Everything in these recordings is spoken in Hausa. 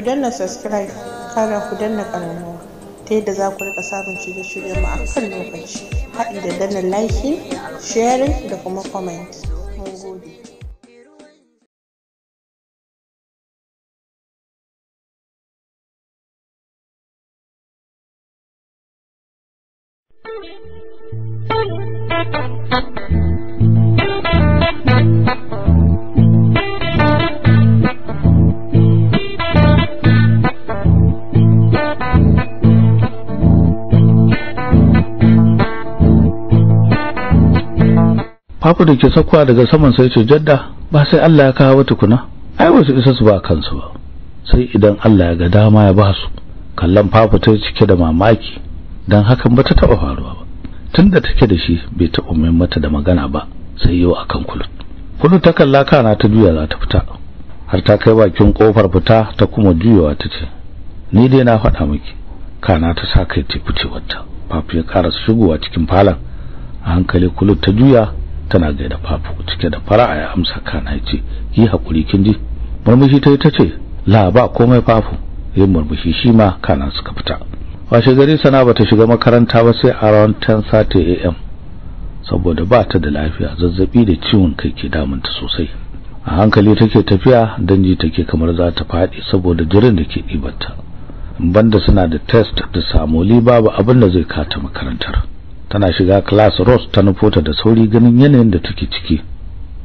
ku danna subscribe kara ku danna karamo ta yadda za ku rika samun shirye-shiryen mu a kan lokaci haɗi da danna liking sharing da kuma comment ku da ke sakwa daga saman sai ce jadda ba sai Allah ya kawo tukuna ai wasu isa su ba kansu ba sai idan Allah ya ga dama ya ba su kallon fafutar cike da mamaki dan hakan ba ta taba faruwa ba tunda take da shi bai taba mai mata da magana ba sai yau akan kulut kulut ta kalla kana ta juya za ta fita har ta kai bakin kofar fita ta kuma juyawa ta ce ni dai na faɗa miki kana ta sa kai ta fice wata ya karasa shigowa cikin falon a hankali kulut ta juya tana gaida fafu cike da fara'a ya amsa kana yace yi hakuri kin ji murmushi ta tace la ba komai fafu yin murmushi shi ma kana suka fita washe gari sana bata shiga makaranta ba sai around 10:30 am saboda ba ta da lafiya zazzabi da ciwon kai ke damunta sosai a hankali take tafiya danji take kamar za ta fadi saboda jirin da ke ɗibarta banda suna da test da samoli babu abin da zai kata makarantar tana shiga class ross ta nufota da sauri ganin yanayin da take ciki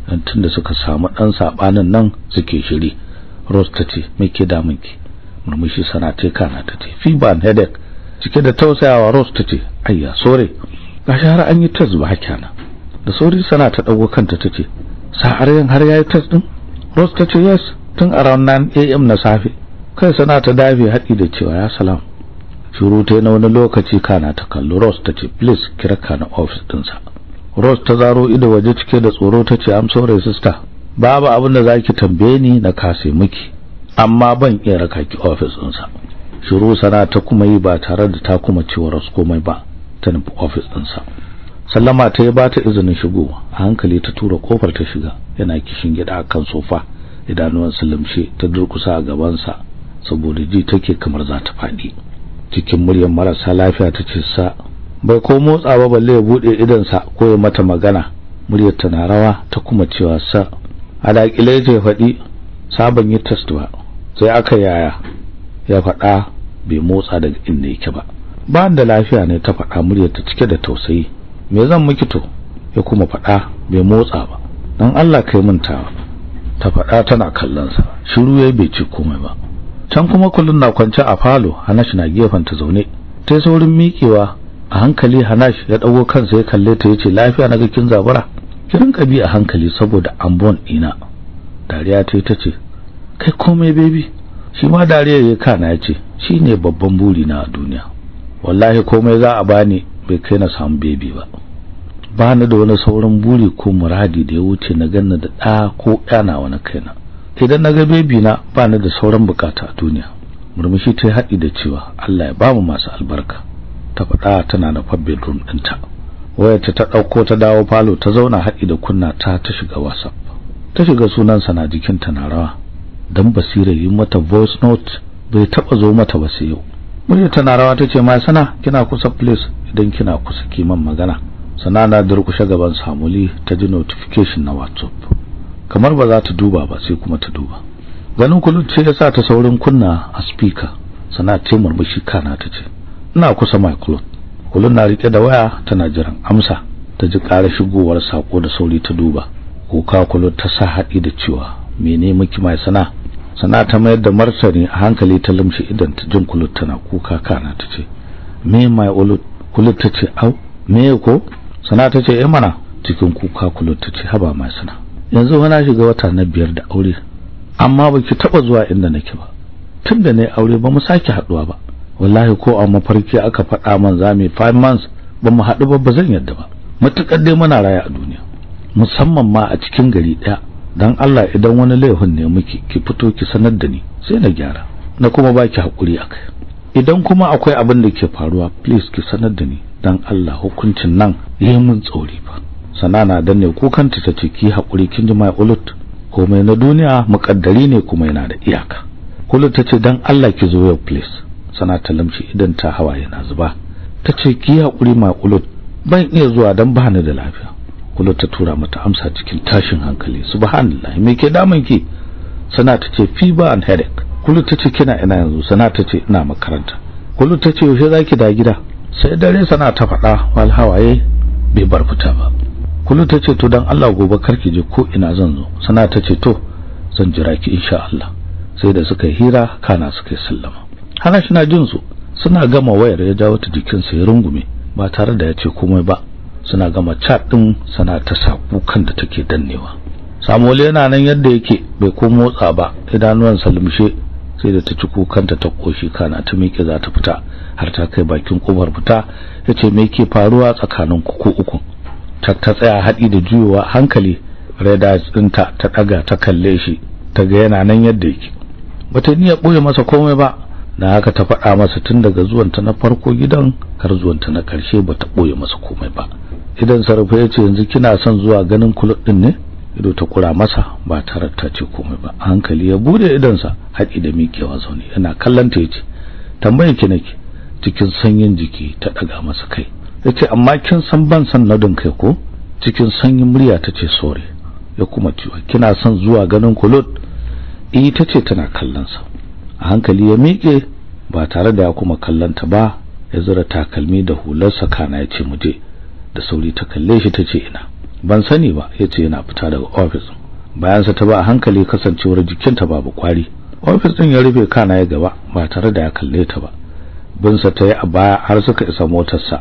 dan tunda suka samu dan sabanin nan suke shiri ross ta ce me ke damun ki murmushi sana ta kana ta tace fiban headache cike da tausayawa ross ta ce ayya sore ga har an yi test ba kana da sauri sana ta dago kanta ta ce tace yin har yayi test din ross ta ce yes tun around 9 am na safe kai sana ta dafe haɗi da cewa ya salamu ta na wani lokaci kana ta kalli kallo ta ce please kira kana office dinsa ross ta zaro ido waje cike da tsoro ta am sorry sister babu abin da zaki tambaye ni na kase miki amma ban iya raka ki office dinsa shiru sana ta kuma yi ba tare da ta kuma cewa ross komai ba ta nufi office dinsa sallama ta yi ba ta izinin shigowa a hankali ta tura kofar ta shiga yana kishin gida kan sofa idanuwan sulumshe ta durkusa a gabansa saboda ji take kamar za ta faɗi cikin muryar marasa lafiya ta ce sa bai ko motsa ba balle ya bude sa ko ya mata magana muryar ta na rawa ta kuma cewa sa a daƙile ya faɗi sabon yi test ba sai aka yaya ya faɗa bai motsa daga inda yake ba ba da lafiya ne ta faɗa muryar ta cike da tausayi me zan miki to ya kuma faɗa bai motsa ba dan Allah kai mintawa ta faɗa tana kallon sa shiru yayi bai ci komai ba can kuma kullun na kwance a falo Hanash na gefen ta zaune tai saurin mikewa a hankali Hanash ya dago kansa ya kalle ta yace lafiya na gikin zabura kirin kabi a hankali saboda ambon ina. dariya ta tace kai komai baby shi ma dariya ya kana yace shine babban buri na a duniya wallahi komai za a bani bai kai na samu baby ba bani da wani saurin buri ko muradi da ya wuce na ganna da ɗa ko ɗana wani kaina idan na ga bebi na bani da sauran bukata a duniya murmushi ta haɗi da cewa Allah ya bamu masu albarka ta faɗa tana da fabbin room ɗinta wayarta ta ɗauko ta dawo falo ta zauna haɗi da kunna ta ta shiga whatsapp ta shiga sunansa na jikinta na rawa dan basira yi mata voice note bai taɓa zo mata ba sai yau murya tana rawa ta ce ma sana kina kusa please idan kina kusa kiman magana sana na durkushe gaban samuli ta ji notification na whatsapp kamar ba za ta duba ba sai kuma ta duba ganin kullun ce yasa ta saurin kunna a speaker sana ce murmushi kana ta ce ina kusa mai kulun. kullun na rike da waya tana jiran amsa ta ji ƙara shigowar sako da sauri ta duba kuka kulun ta sa haɗi da cewa mene miki mai sana sana ta mayar da martani a hankali ta lumshi idan ta jin kulun tana kuka kana ta ce me mai ulu ta ce au me ko sana ta ce eh mana cikin kuka kulun ta ce haba mai sana yanzu wani shiga wata na biyar da aure amma baki taba zuwa inda nake ba tunda nayi aure ba mu saki haduwa ba wallahi ko a mafarki aka faɗa man za mu 5 months ba mu haɗu ba ba zan yadda ba matukar dai muna raya a duniya musamman ma a cikin gari ɗaya dan Allah idan wani laifin ne miki ki fito ki sanar da ni sai na gyara na kuma baki hakuri akai idan kuma akwai abin da ke faruwa please ki sanar da ni dan Allah hukuncin nan yayin mun tsori fa sanana danne kukanta ta ce ki hakuri kin ji mai ulut komai na duniya makaddari ne kuma yana da iyaka ulut ta ce dan Allah ki zo yau please sana ta lamci idan ta hawa yana zuba ta ce ki hakuri mai ulut ban iya zuwa dan ba ni da lafiya ulut ta tura mata amsa cikin tashin hankali subhanallah me ke damun ki sana ta ce fever and headache ulut ta ce kina ina yanzu sana ta ce ina makaranta ulut ta ce yaushe zaki da gida sai dare sana ta faɗa wal hawaye bai bar fita ba kullun ta ce to dan Allah gobe ki je ko ina zan zo sana ta ce to zan jira ki insha Allah sai da suka hira kana suka sallama hana shi na jin su suna gama wayar ya dawo ta jikinsa ya rungume ba tare da ya ce komai ba suna gama chat din sana ta saku kan da take dannewa Samuel yana nan yadda yake bai ko motsa ba idanuwan salmishe sai da ta ci kukan ta koshi kana ta miƙe za ta fita har ta kai bakin kofar fita yace me yake faruwa tsakanin ko uku ta ta tsaya haɗi da juyowa hankali reda eyes ɗinta ta ɗaga ta kalle shi ta ga yana nan yadda yake bata ya ɓoye masa komai ba na haka ta faɗa masa tun daga zuwan ta na farko gidan har zuwanta na ƙarshe bata ɓoye masa komai ba idan sarrafa yace yanzu kina son zuwa ganin kulub ɗin ne ido ta kura masa ba tare ta ce komai ba hankali ya bude idonsa haƙi da mikewa zaune yana kallon ta yace tambayar ki nake cikin sanyin jiki ta ɗaga masa kai yace amma kin san ban san nadin kai ko cikin sanyin murya tace sore ya kuma ciwo kina son zuwa ganin kulot eh tace tana kallon sa a hankali ya miƙe ba tare da ya kuma kallanta ba ya zura takalmi da hularsa kana yace muje da sauri ta kalle shi tace ina ban sani ba yace yana fita daga office bayansa ta ba a hankali kasancewar jikinta babu kwari office din ya rufe kana ya gaba ba tare da ya kalle ta ba binsa ta yi a baya har suka isa motarsa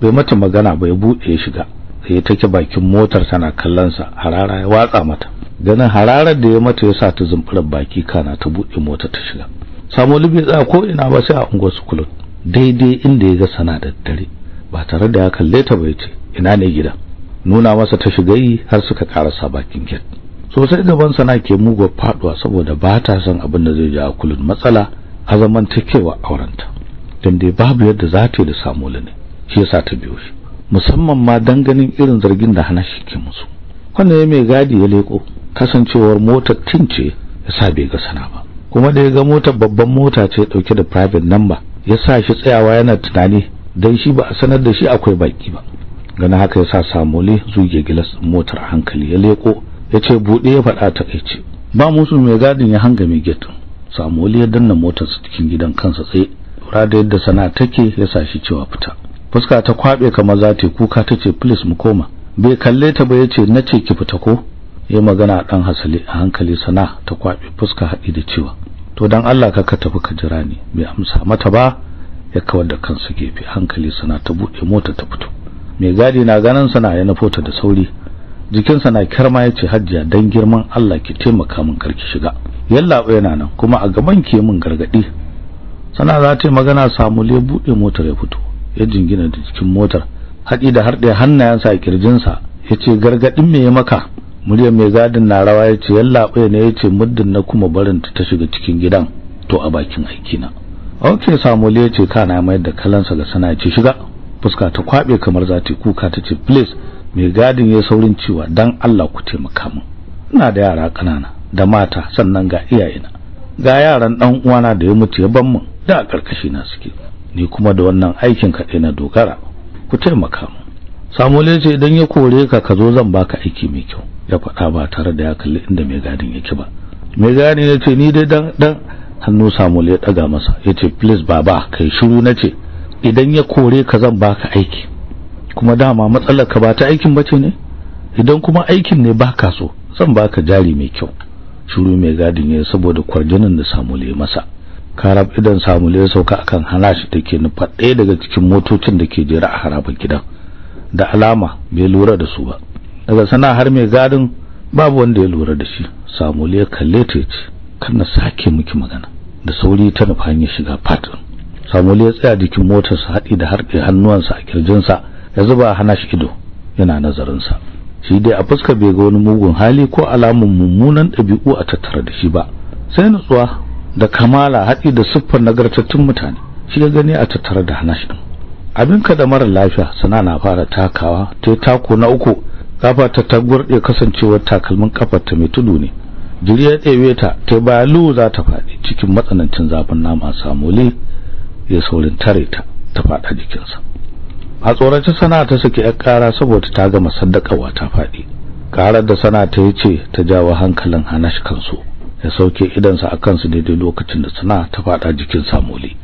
bai mata magana bai buɗe shiga sai ya take bakin motar tana kallon sa harara ya watsa mata ganin hararar da ya mata yasa ta zumfura baki kana ta buɗe mota ta shiga samu libi tsaya ko ina ba sai a unguwar su kulun daidai inda ya ga sana da dare ba tare da ya kalle ta bai ce ina ne gida nuna masa ta shiga yi har suka karasa bakin gate sosai gaban sana ke mugo faduwa saboda ba ta son abin da zai ja kulun matsala a zaman takewa aurenta dan dai babu yadda za ta yi da samu ne shi yasa ta biyo shi musamman ma dan ganin irin zargin da hana shi ke musu wannan mai gadi ya leko kasancewar motar tince yasa bai ga sana ba kuma da ya ga motar babban mota ce dauke da private number sa shi tsayawa yana tunani dan shi ba a sanar da shi akwai baki ba gana haka yasa Samole zuge gilas motar hankali ya leko ce bude ya fada takeice ba musu mai gadin ya hanga mai gate Samole ya danna motar cikin gidan kansa tsaye lura da yadda sana take yasa shi cewa fita fuska ta kwabe kamar za ta kuka tace please mu koma bai kalle ta ba yace nace ki fita ko ya magana a dan hasali a hankali sana ta kwabe fuska haɗi da cewa to dan Allah ka ka tafi ka jira ni bai amsa mata ba ya kawar da kansa gefe hankali sana ta bude mota ta fito mai gadi na ganin sana ya nufo ta da sauri jikinsa na ya yace hajjia dan girman Allah ki taimaka min karki shiga yallaɓa yana nan kuma a gaban ki min gargadi sana za ta magana samu le bude motar ya fito ya jingina da cikin motar haɗi da har harɗe hannayensa a kirjinsa ya ce gargaɗin me ya maka muryar mai gadin na rawa ya ce yallaɓe ne ya ce muddin na kuma barinta ta shiga cikin gidan to a bakin aikina ok samuel ya ce kana mai da kalansa ga sana ce shiga fuska ta kwaɓe kamar za ta kuka ta ce please mai gadin ya saurin cewa dan allah ku taimaka min ina da yara ƙanana da mata sannan ga iyayena ga yaran ɗan uwana da ya mutu ya ban min da a na suke ni kuma da wannan aikin kaɗai na dogara ku taimaka mu Samuel ce idan ya kore ka ka zo zan baka aiki mai kyau ya faɗa ba tare da ya kalli inda mai gadin yake ba mai gadin ya ce ni dai dan dan hannu Samuel ya ɗaga masa ya ce please baba kai shiru na ce idan ya kore ka zan baka aiki kuma dama matsalar ka ba ta aikin bace ne idan kuma aikin ne baka so zan baka jari mai kyau shiru mai gadin ya saboda kwarjinin da Samuel ya masa karab idan samule ya sauka akan halashi take nufa ɗaya daga cikin motocin da ke jera a harabar gidan da alama bai lura da su ba daga sana har mai gadin babu wanda ya lura da shi samule ya kalle ta ce kan na sake miki magana da sauri ta nufa ya shiga fatin samule ya tsaya jikin motar sa haɗi da harɗe hannuwansa a kirjin sa ya zuba hanashi ido yana nazarin sa shi dai a fuska bai ga wani mugun hali ko alamun mummunan ɗabi'u a tattare da shi ba sai nutsuwa da kamala haɗi da siffar nagartattun mutane shi ya gani a tattare da hanashi din abinka da mara lafiya sana na fara takawa ta tako na uku kafa ta tagurɗe kasancewar takalmin kafar ta mai tudu ne jiri ya tsewe ta ta balu za ta faɗi cikin matsanancin zafin nama samole ya saurin tare ta ta faɗa jikinsa a tsoracin sana ta saki yar ƙara saboda ta gama saddakawa ta faɗi ƙarar da sana ta yi ce ta jawo hankalin hanash kansu ya sauke idansa a kansu daidai lokacin da suna ta faɗa jikin samuli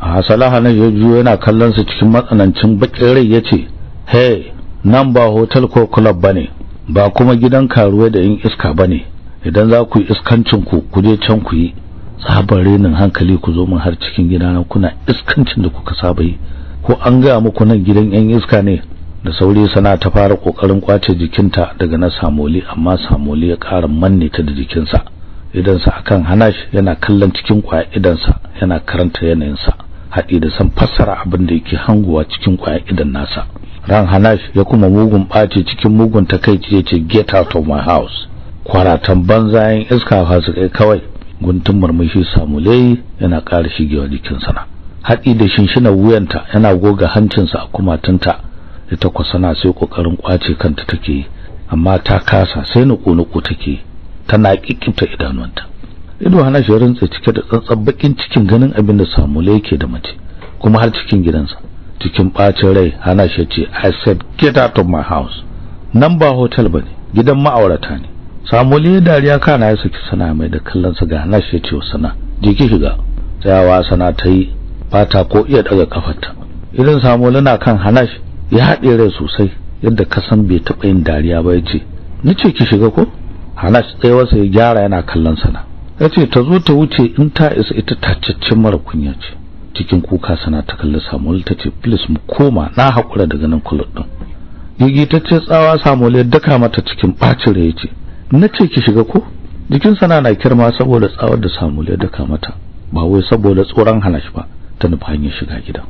a salaha na ya yana kallon su cikin matsanancin bakin rai ya ce hey nan ba hotel ko club bane ba kuma gidan karuwa da yin iska bane idan za ku yi iskancin ku ku je can ku yi sabon renin hankali ku zo mun har cikin gidana kuna iskancin da kuka saba yi ko an gaya muku nan gidan yan iska ne da sauri sana ta fara kokarin kwace jikinta daga na samoli amma samoli ya kara manne ta da jikinsa idansa akan hanash yana kallon cikin kwaya idansa yana karanta yanayinsa haɗi da san fassara abin da yake hanguwa cikin kwaya idan nasa ran hanash ya kuma mugun ɓace cikin mugun takaici ya ce get out of my house kwaratan banzayen iska fasu kai kawai guntun murmushi samule yana ƙara shigewa jikin na haɗi da shinshinar wuyanta yana goga hancinsa a kumatunta ita kwasana sai ƙoƙarin ƙwace kanta take amma ta kasa sai nuku-nuku take tana kikkimta idanuwanta ido hana shi rantsa cike da tsantsan bakin cikin ganin abin da Samule yake da mace kuma har cikin gidansa cikin bacin rai hana shi ce I said get out of my house nan ba hotel bane gidan ma'aurata ne Samule dariya kana ya saki sana mai da kallon sa ga hana shi ce sana je ki shiga tsayawa sana ta yi fata ko iya daga kafarta idan Samule na kan hana shi ya haɗe rai sosai yadda kasan bai taɓa yin dariya ba ya ce ni ce ki shiga ko Hanash Anas wasa ya gyara yana kallon sana ce ta zo ta wuce in ta isa ita tacaccen mara kunya ce cikin kuka sana ta kalli Samuel ce please mu koma na hakura daga nan kullun din Gigi ce tsawa Samuel ya daka mata cikin bacin rai Na nace ki shiga ko jikin sana na kirma saboda tsawar da Samuel ya daka mata ba wai saboda tsoron hanash ba ta nufa hanyar shiga gida.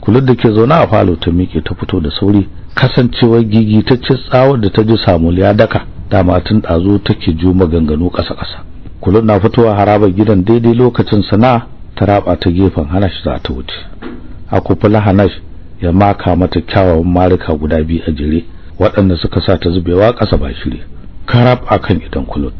kullun da ke zauna a falo ta miƙe ta fito da sauri kasancewar gigi ta ce tsawar da ta ji Samuel ya daka dama tun ɗazu take ju maganganu ƙasa-ƙasa kullum na fitowa harabar gidan daidai lokacin sana ta raba ta gefen hanash za ta wuce a kufula hanash ya maka mata kyawawan marika guda biyu a jire waɗanda suka sa ta zubewa ƙasa ba shire karab akan idan kullun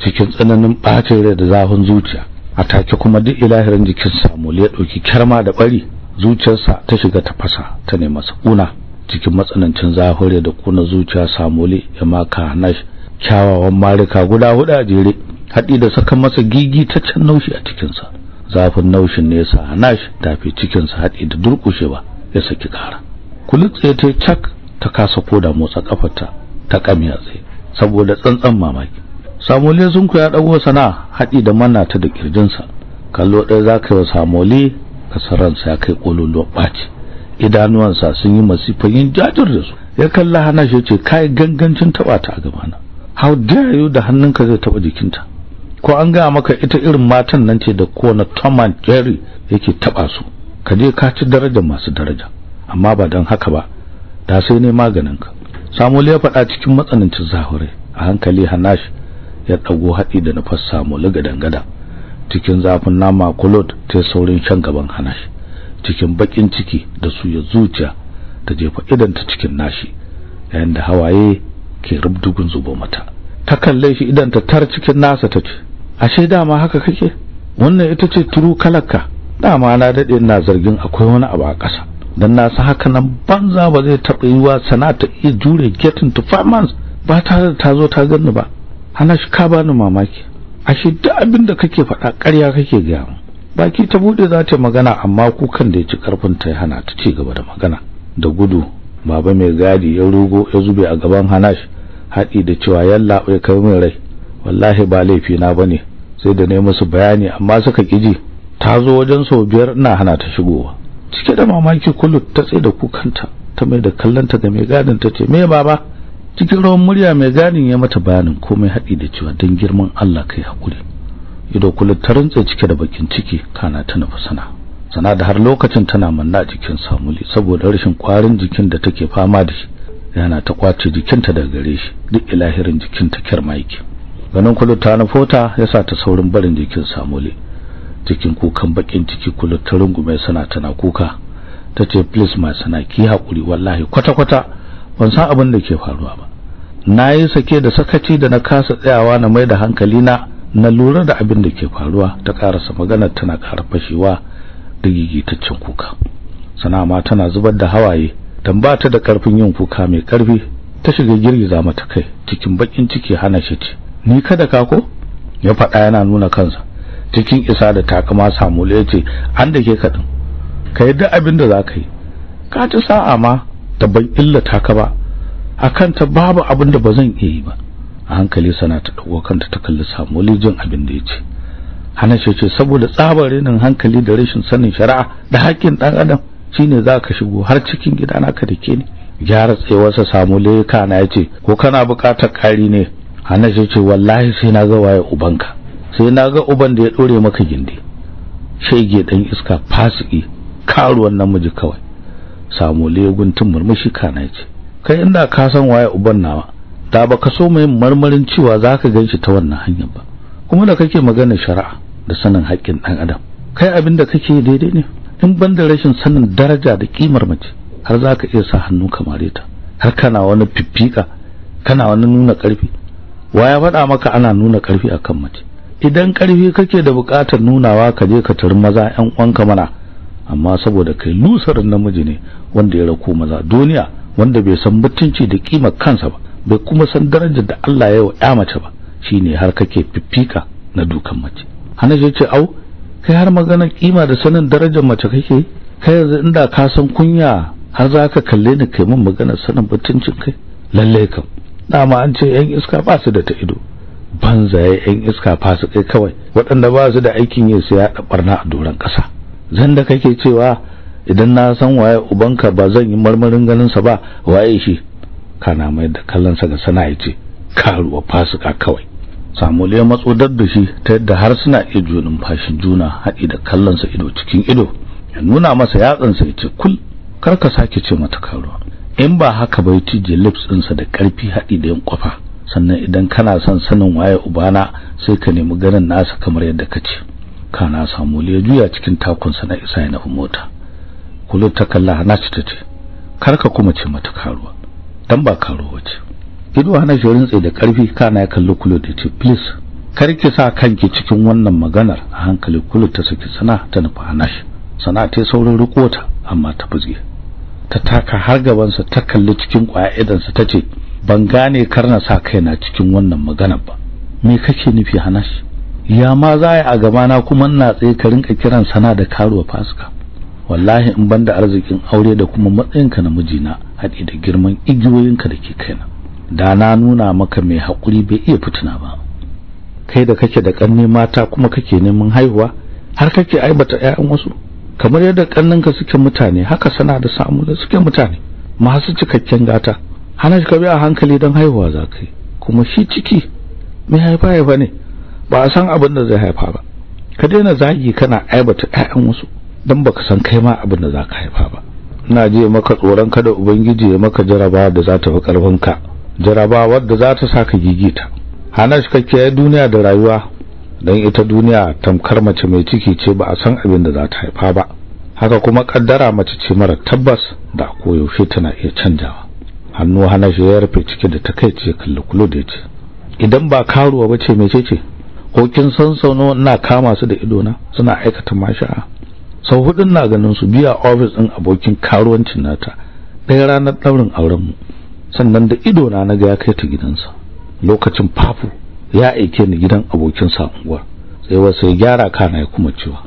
cikin tsananin bacin rai da zafin zuciya a take kuma duk ilahirin jikin Samuel ya dauki karma da bari zuciyarsa ta shiga tafasa ta nemi sakuna cikin matsanancin zafin rai da kuna zuciya samuli ya maka Hanash kyawawan marika guda hudu a jere haɗi da saka masa gigi ta can naushi a cikinsa zafin naushin ne yasa Hanash tafi cikinsa haɗi da durƙushewa ya saki kara kulitse ta cak ta kasa koda motsa kafarta ta kamiya tsaye saboda tsantsan mamaki Samole zunku ya dago sana haɗi da manata ta da kirjinsa kallo ɗaya zaka yi Samole kasaransa ya kai kololuwar ɓaci idanuwansa sun yi masifan yin jajir da su ya kalla hana shi ce kai gangancin taɓata ta a gabana how dare you da hannunka zai taba jikinta ko an ga maka ita irin matan nan ce da kona Toman Jerry yake taba su ka je ka ci daraja masu daraja amma ba dan haka ba da sai ne maganinka Samuel ya faɗa cikin matsanancin zahure a hankali Hanash ya dago haɗi da na nufar Samuel gadangada cikin zafin nama Kulot ta saurin shan gaban Hanash cikin bakin ciki da su ya zuciya ta jefa idan ta cikin nashi yayin da hawaye ke rubdugun zubo mata ta kalle shi idan ta tar cikin nasa ta ce ashe dama haka kake wannan ita ce turu kalaka dama na dade ina zargin akwai wani abu a ƙasa dan nasa haka nan banza ba zai taɓa yi wa sana ta iya jure getting to five months ba tare da ta zo ta ganni ba ana shi ka bani mamaki ashe duk abin da kake faɗa ƙarya kake gaya mu baki ta bude za ta magana amma kukan da ya ci karfin ta hana ta ci gaba da magana da gudu baba mai gadi ya rugo ya zube a gaban hanash haɗi da cewa yalla bai kai min rai wallahi ba laifi na bane sai da nayi musu bayani amma suka kiji ta zo wajen sau biyar ina hana ta shigowa cike da mamaki kulut ta tsaye da kukanta ta mai da kallonta ga mai gadin ta ce me baba cikin rawan murya mai gadin ya mata bayanin komai haɗi da cewa don girman Allah kai hakuri ido kullum ta rantsa cike da bakin ciki kana ta na fasa'na. sana da har lokacin tana manna jikin Samuli saboda rashin kwarin jikin da take fama da shi yana ta kwace jikinta daga gare shi duk ilahirin jikinta kirma yake ganin kuluta na fota yasa ta saurin barin jikin Samuli cikin kukan bakin ciki ta rungume sana tana kuka tace please ma sana ki hakuri wallahi kwata kwata ban san abin da ke faruwa ba nayi sake da sakaci da na kasa tsayawa na mai da hankali na na lura da abin da ke faruwa ta karasa magana tana karfashewa da kuka sana ma tana zubar da hawaye dan ba ta da karfin yin kuka mai karfi ta shiga girgiza mata kai cikin bakin ciki hana shi ce ni kada ka ko ya faɗa yana nuna kansa cikin isa da takama samu ya ce an da ke kadin ka yi abin da za ka yi ka ci sa'a ma da ban illata ka ba a kanta babu abin da ba zan iya yi ba a hankali sana ta dauko kanta ta kalli samu jin abin da ya ce hanace ce saboda tsabar renin hankali da rashin sanin shari'a da hakkin ɗan adam shine za ka shigo har cikin gidanaka ka dake ni gyara tsewarsa samu leka na ya ce ko kana buƙatar kari ne hanace ce wallahi sai na ga waye ubanka sai na ga uban da ya dore maka gindi shege dan iska fasiki karuwan namiji kawai samu legun tun murmushi kana ya ce kai inda ka san waye uban nawa da baka so mai marmarin cewa zaka ganshi ta wannan hanyar ba kuma da kake magana shari'a da sanin haƙƙin ɗan adam kai abin da kake daidai ne in ban da rashin sanin daraja da ƙimar mace har za ka iya sa hannu mare ta har kana wani fifika kana wani nuna ƙarfi wa ya faɗa maka ana nuna ƙarfi kan mace idan ƙarfi kake da buƙatar nunawa ka je ka tari maza ƴan uwanka mana amma saboda kai lusarin namiji ne wanda ya rako maza duniya wanda bai san mutunci da ƙimar kansa ba bai kuma san darajar da Allah ya yi wa ƴa mace ba shine har kake fiffika na dukan mace Hanash ya ce au kai har magana kima da sanin darajar mace kake kai yanzu inda ka san kunya har za ka kalle ni kai min magana sanin mutuncin kai lalle kam dama an ce yan iska ba su da ta ido ban banzaye yan iska su kai kawai waɗanda ba su da aikin yi su da barna a doron ƙasa zan da kake cewa idan na san waye ubanka ba zan yi marmarin ganinsa ba waye shi kana mai da kallon sa ga sana'a ce karuwa fasuka kawai samuel ya matso dab da shi ta yadda har suna iya juna numfashin juna haɗi da kallonsa ido cikin ido ya nuna masa yatsansa ya ce kul kar ka sake ce mata karuwa in ba haka bai cije lips ɗinsa da ƙarfi haɗi da yin kwafa sannan idan kana son sanin waye ubana sai ka nemi ganin nasa kamar yadda ka ce kana samuel ya juya cikin takunsa na isa ya nufi mota kulu ta kalla hana ce ta ce kar ka kuma ce mata karuwa dan ba karuwa ce ido hana shi rintse da karfi kana ya kalli kulut da ce please kar ki sa kanki cikin wannan maganar a hankali kulut ta saki sana ta nufa hanash sana ta saurin rikota amma ta fuzge ta taka har gabansa ta kalli cikin kwayadansa ta ce ban gane karna sa kaina cikin wannan maganar ba me kake nufi hanash ya ma za a na kuma ina tsaye ka rinka kiran sana da karuwa faska wallahi in banda arzikin aure da kuma matsayinka na mijina haɗe da girman igiyoyinka da ke kaina da na nuna maka mai hakuri bai iya fituna ba kai da kake da ƙanne mata kuma kake neman haihuwa har kake aibata ƴaƴan wasu kamar yadda ka suke mutane haka sana da samu da suke mutane masu cikakken gata hana shi ka bi a hankali don haihuwa za kai kuma shi ciki mai haifa ya ne ba a san abin da zai haifa ba ka daina zagi kana aibata ƴaƴan wasu don baka san kai ma abin da za ka haifa ba ina je maka tsoron kada ubangiji ya maka jaraba da za ta fi ƙarfinka Jaraba wadda za ta ka gigita hana shi kake duniya da rayuwa dan ita duniya tamkar mace mai ciki ce ba a san abin da za ta haifa ba haka kuma kaddara mace ce mara tabbas da koyaushe tana iya canjawa hannu hana shi ya rufe ciki da ta ce kallo kulo da ce idan ba karuwa bace mece ce ko kin san sauno ina kama su da ido na suna aikata masha sau hudun na ganin su biya ofis ɗin abokin karuwancin nata ɗaya ranar ɗaurin auren mu sannan da ido na naga ya kai ta gidansa lokacin fafu ya aike ni gidan abokin sa sai wasu ya gyara kana ya kuma cewa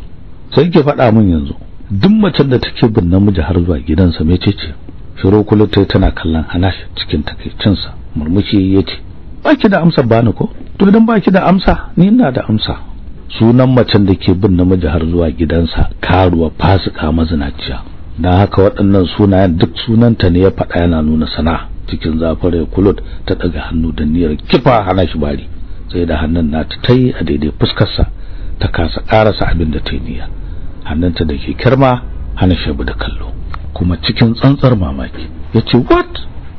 sai ke faɗa min yanzu duk macen da take bin namiji har zuwa gidansa ce. shiro kullu tana kallon Hanash cikin takaicinsa murmushi yace baki da amsa bani ko to dan baki da amsa ni ina da amsa sunan macen da ke bin namiji har zuwa gidansa karuwa fasika mazinaciya dan haka waɗannan sunayen duk sunanta ne ya faɗa yana nuna sana'a cikin zafare kulut ta daga hannu da niyar kifa hana shi bari sai da hannun nata tai a daidai fuskar sa ta kasa karasa abin da ta niyya hannunta da ke kirma hana shi da kallo kuma cikin tsantsar mamaki yace what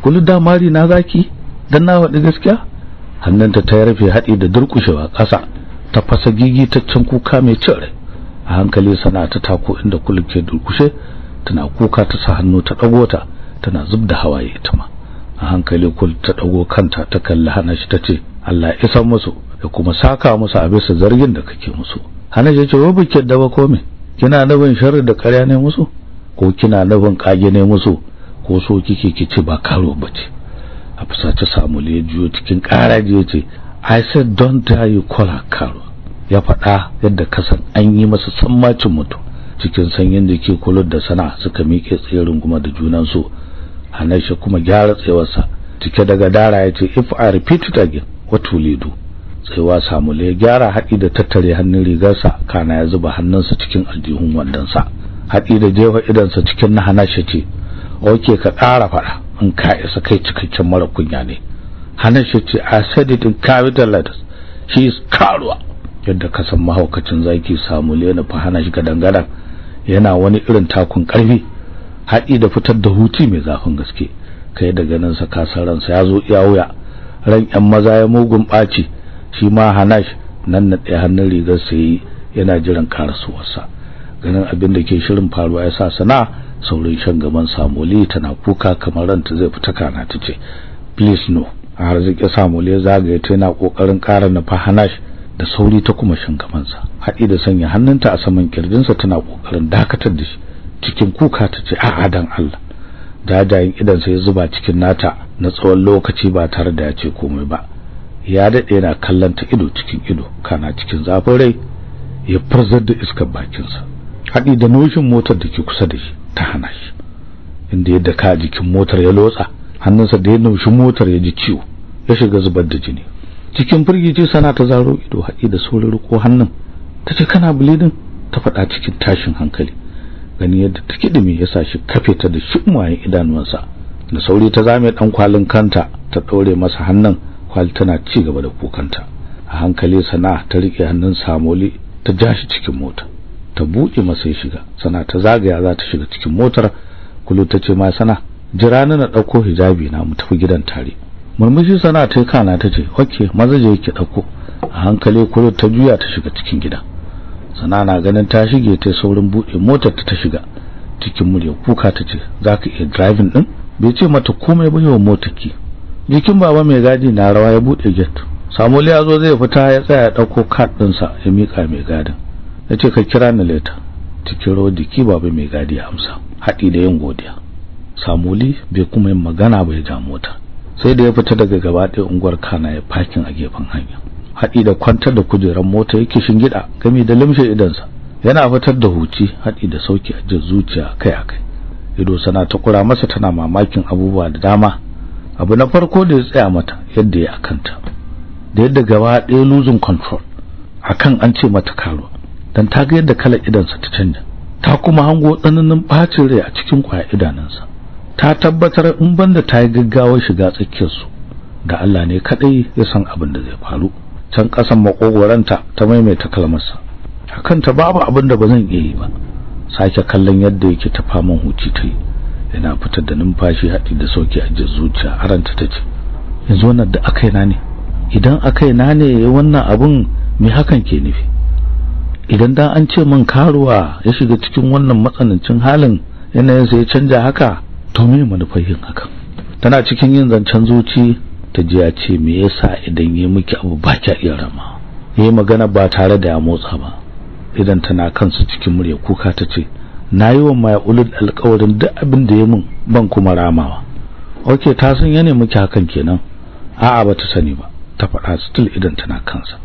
kullu da mari na zaki dan na wadi gaskiya hannunta ta rufe hadi da durkushewa ƙasa ta fasa gigitaccen kuka mai cire a hankali sana ta tako inda kullu ke durkushe tana kuka ta sa hannu ta dago ta tana zub da hawaye ita ma a hankali kul ta dago kanta ta kalli hanashi ta ce Allah ya san musu ya kuma saka musu a bisa zargin da kake musu hanashi ya ce wa bikin da ba komai kina nabin sharri da ƙarya ne musu ko kina nabin kage ne musu ko so kike kici ba karo ba ce." a fusa ta samu lejiyo cikin ƙara ya ce I said don't tell you call her karo ya faɗa yadda kasan an yi masa sammacin mutu cikin sanyin ke kulun da sana suka miƙe tsaye runguma da junansu hanashi kuma gyara tsewarsa cike daga dara ya ce if i repeat it again what will you do tsewa samule ya gyara haɗi da tattare hannun rigarsa kana ya zuba hannunsa cikin aljihun wandansa haɗi da jefa idansa cikin na hanashi ce oke ka ƙara faɗa in ka isa kai cikakken mara kunya ne hanashi ce i said it in capital letters she is karuwa yadda ka san mahaukacin zaki samule na fa hana shi gadangadan yana wani irin takun ƙarfi haɗi da fitar da huti mai zafin gaske kai da ganin sa kasan ransa ya zo iya wuya ran yan maza ya mugun ɓaci shi ma hanash nan na ɗaya hannun rigar sa yi yana jiran karasuwarsa ganin abin da ke shirin faruwa ya sa sana saurin shan gaban samuli tana kuka kamar ranta zai fita kana ta ce please no a arziki samuli ya zagaye ta yana kokarin ƙara nufa hanash da sauri ta kuma shan haɗi da sanya hannunta a saman kirjinsa tana ƙoƙarin dakatar da shi cikin kuka ta ce a'a dan Allah jajayen idan ya zuba cikin nata na tsawon lokaci ba tare da ya ce komai ba ya dade yana kallon ta ido cikin ido kana cikin zafin rai ya furzar da iskar bakinsa haɗi da noshin motar da ke kusa da shi ta hana shi inda yadda ka jikin motar ya lotsa hannunsa da ya naushi motar ya ji ciwo ya shiga zubar da jini cikin firgici sana ta zaro ido haɗi da saurin riko hannun ta ce kana bleeding ta faɗa cikin tashin hankali gani yadda take dumi ya sa shi kafe ta da shumwayen idanuwansa da sauri ta zame dan kwalin kanta ta dore masa hannun kwal tana ci gaba da kokanta a hankali sana ta rike hannun samoli ta ja cikin mota ta buɗe masa ya shiga sana ta zagaya za ta shiga cikin motar kulu ta ce ma sana jira ni na ɗauko hijabi na mu tafi gidan tare murmushi sana ta kana ta ce hokke maza je ki ɗauko a hankali kulu ta juya ta shiga cikin gidan sana ganin ta shige ta saurin buɗe motar ta shiga cikin murya kuka ta ce zaka iya driving din bai ce mata komai ba yawan ki. jikin baba mai gadi na rawa ya buɗe gate Samuel ya zo zai fita ya tsaya dauko card sa ya mika mai gadin yace ka kira ni later cikin ki baba mai gadi ya amsa haɗi da yin godiya Samuli bai kuma yin magana bai ja mota sai da ya fita daga gaba ɗaya unguwar kana ya fakin a gefen hanya haɗi da kwantar da kujerar mota yake shingida gami da limshe idansa yana fitar da huci haɗi da sauki a jin zuciya kai a kai ido sana ta kura masa tana mamakin abubuwa da dama abu na farko da ya tsaya mata yadda ya akanta da yadda gaba ɗaya losing control akan an ce mata karuwa dan ta ga yadda kalar idansa ta canja ta kuma hango tsananin bacin rai a cikin kwaya idanunsa ta tabbatar in banda ta yi gaggawar shiga tsakiyarsu da Allah ne kadai ya san abin da zai faru can kasan makogoranta ta maimaita kalmarsa hakanta babu abin da bazan iya yi ba sake kallon yadda yake ta huti huci tai yana fitar da numfashi haɗi da sauki a jin zuciya ta ce. yanzu wannan da akai na ne idan akai na ne wannan abun me hakan ke nufi idan dan an ce min karuwa ya shiga cikin wannan matsanancin halin yanayinsa ya canja haka to me manufar yin hakan tana cikin yin zancen zuci ta ji ya ce me yasa idan ya miki abu ba kya iya rama yayi magana ba tare da ya motsa ba idan tana kansu cikin murya kuka ta ce nayi wa mai ulul alƙawarin duk abin da ya mun ban kuma ramawa oke ta san yana miki hakan kenan a'a ba ta sani ba ta faɗa still idan tana kansa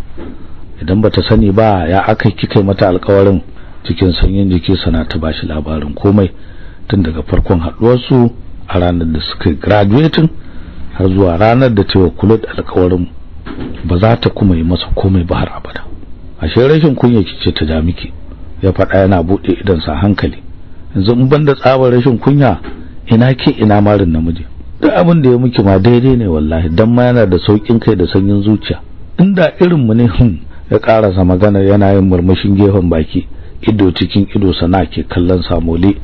idan ba ta sani ba ya aka kika mata alƙawarin cikin sanyin jiki sana ta bashi labarin komai tun daga farkon haɗuwarsu a ranar da suka graduating har zuwa ranar da cewa kulut alƙawarin ba za ta kuma yi masa komai ba har abada ashe rashin kunya kice ta damiki ya faɗa yana buɗe idan sa hankali yanzu in banda tsabar rashin kunya ina ke ina marin namiji duk abin da ya miki ma daidai ne wallahi dan ma yana da saukin kai da sanyin zuciya inda irin mu ne hun hmm, ya karasa magana yana yin murmushin gefen baki ido cikin ido sana ke kallon samole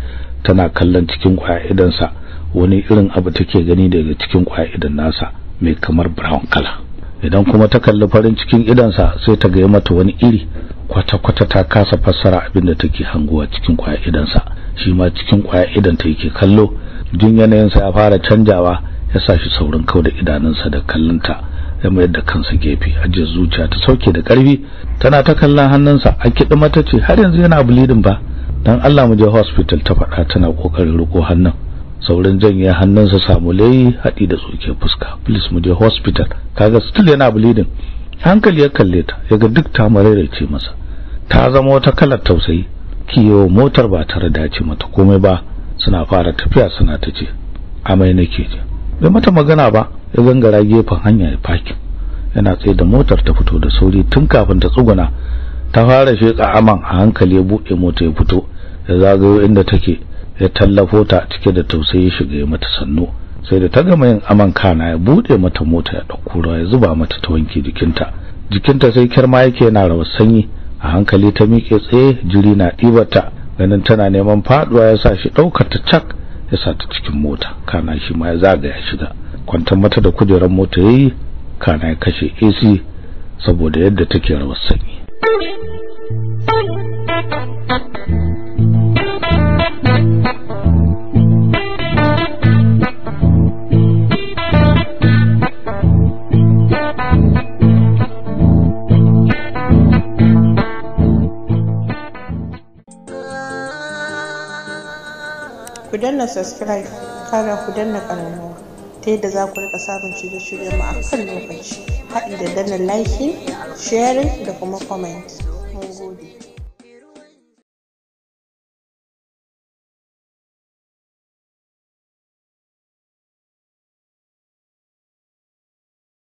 tana kallon cikin kwaya idan sa wani irin abu take gani daga cikin kwa'idan nasa mai kamar brown kala idan kuma ta kalli farin cikin idansa sai ta ga mata wani iri kwata-kwata ta kasa fassara abin da take hanguwa cikin idansa shi ma cikin idan ta yake kallo jin yanayinsa ya fara canjawa ya sa shi saurin kau da idanunsa da kallonta ya mayar da kansa gefe ajiyar zuciya ta sauke da karfi tana ta kallon hannunsa a kiɗi mata ce har yanzu yana bleeding ba dan Allah mu je hospital ta faɗa tana kokarin riko hannun saurin janye hannunsa samu lai haɗi da tsoke fuska please mu je hospital kaga still yana bleeding hankali ya kalle ta yaga duk ta mararece masa ta zama wata kalar tausayi kiyo motar ba tare ci mata komai ba suna fara tafiya suna ta ce amai nake ji bai mata magana ba ya gangara gefen hanya ya faki yana tsaye da motar ta fito da sauri tun kafin ta tsuguna ta fara sheka aman a hankali ya buɗe mota ya fito ya zagayo inda take ya tallafo ta cike da tausayi shiga mata sannu sai da ta gama yin aman kana ya bude mata mota ya dauko ruwa ya zuba mata ta wanke jikinta jikinta sai kirma yake yana rawar sanyi a hankali ta mike tsaye jiri na ɗibarta ganin tana neman faduwa ya sa shi daukar ta cak ya sa ta cikin mota kana shi ma ya zaga ya shiga kwantar mata da kujerar mota yayi kana ya kashe AC saboda yadda take rawar sanyi danna subscribe kana ku danna ƙaramuwa ta yadda za ku rika samun shirye-shiryen mu a kan lokaci haɗi da danna liking sharing da kuma comment